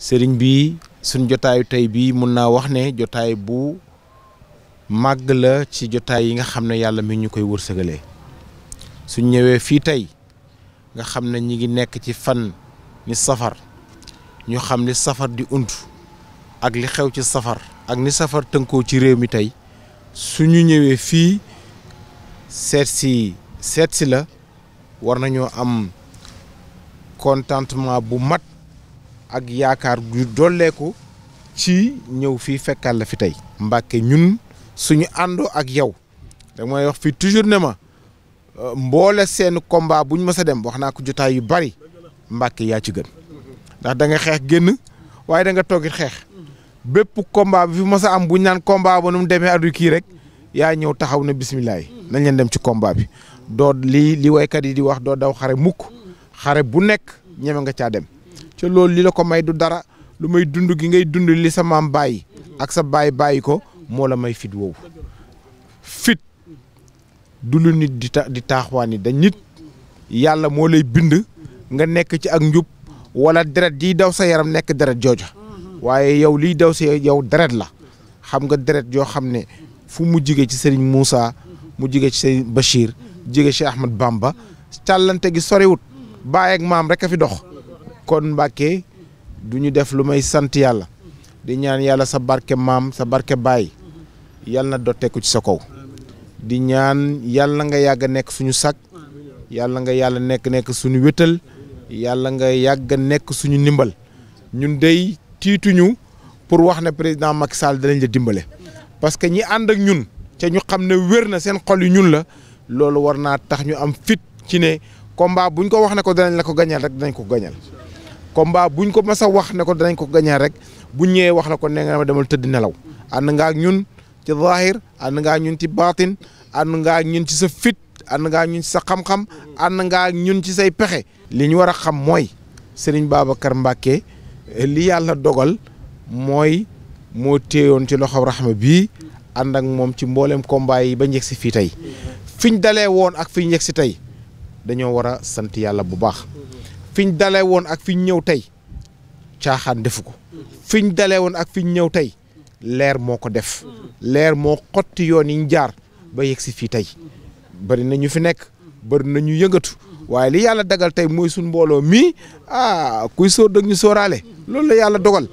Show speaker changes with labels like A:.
A: sëriñ bi suñ jotaayu tey bii mun naa wax ne jotaay bu màgg la ci jotaay yi nga xam ne yàlla mi ñu koy wërsëgalee suñ ñëwee fii tey nga xam ne ñi ngi nekk ci fan ni safar ñu xam ni safar di und ak li xew ci safar ak ni safar tënkoo ci réew mi tey suñu ñëwee fii seet si seet si la war nañoo am contentement bu mat ak yaakaar gu dolleeku ci ñëw fii fekkal la fi tey Mbàkke ñun suñu àndoo ak yow da may wax fii toujours ne ma euh, mboole seen combat buñ mës a dem wax naa ko jotaay yu bari Mbàkke yaa ci gën ndax da xeex génn waaye da nga toogit xeex bépp combat bi fi mës a am buñ naan combat ba nu mu demee addu kii rek yaa ñëw taxaw na bisimilah nañ leen dem ci combat bi doo lii li waykat yi di wax doo daw xare mukk xare bu nekk ñeme nga caa dem ca loolu li la ko may du dara lu may dund gi ngay dund li sa maam bàyyi ak sa bàyyi bàyyi ko moo la may fit woowu fit du lu nit di ta di taaxwaan da nit yàlla moo lay bind nga nekk ci ak njub wala deret jiy daw sa yaram nekk deret jooju waaye yow liy daw sa yow deret la xam nga deret yoo xam ne fu mu jige ci sëriñ Moussa mu jige ci sëriñ Bachir jige ci Ahmad ba càllante gi soriwut baay ak maam rek a fi dox kon Mbàkke du ñu def lu may sant yàlla di ñaan yàlla sa barke maam sa barke baay yàlla na dotteeku ci sa kaw di ñaan yàlla nga yàgg nekk suñu sag yàlla nga yàlla nekk nekk suñu wétal yàlla nga yàgg nekk suñu ndimbal ñun dey tiituñu pour wax ne président Macky Sall danañ la dimbale parce que ñi ànd ak ñun ñu ne na seen xol yu ñun la loolu war tax ñu am fit ci combat buñ ko wax ko danañ la ko rek ko combat buñ ko mas wax ne ko dañ ko gañee rek bu ñëwee wax la ko ne nga demal teud nelaw and nga ak ñun ci zahir and nga ñun ci batin and nga ak ñun ci sa fit and nga ñun ci sa xam-xam and nga ak ñun ci say pexé li ñu war xam moy Serigne Babacar Mbacké eh, li yalla dogal moy mo téewoon ci loxo rahma bi and ak mom ci mbollem combat yi ba ñex ci fi tay fiñ dalé won ak fiñ ñex ci tay dañoo wara sant yalla bu baax fi ñu dalee woon ak fi ñu ñëw tey caaxaan defu ko fiñ dalee woon ak fi ñu ñëw tey leer moo ko def leer moo xotti yoon yiñ jaar ba yegg si fii tey bari na ñu fi nekk bëri na ñu yëngatu waaye li yàlla dagal tey mooy suñ mbooloo mii ah kuy sóor dëgg ñu sóoraale loolu la yàlla dogal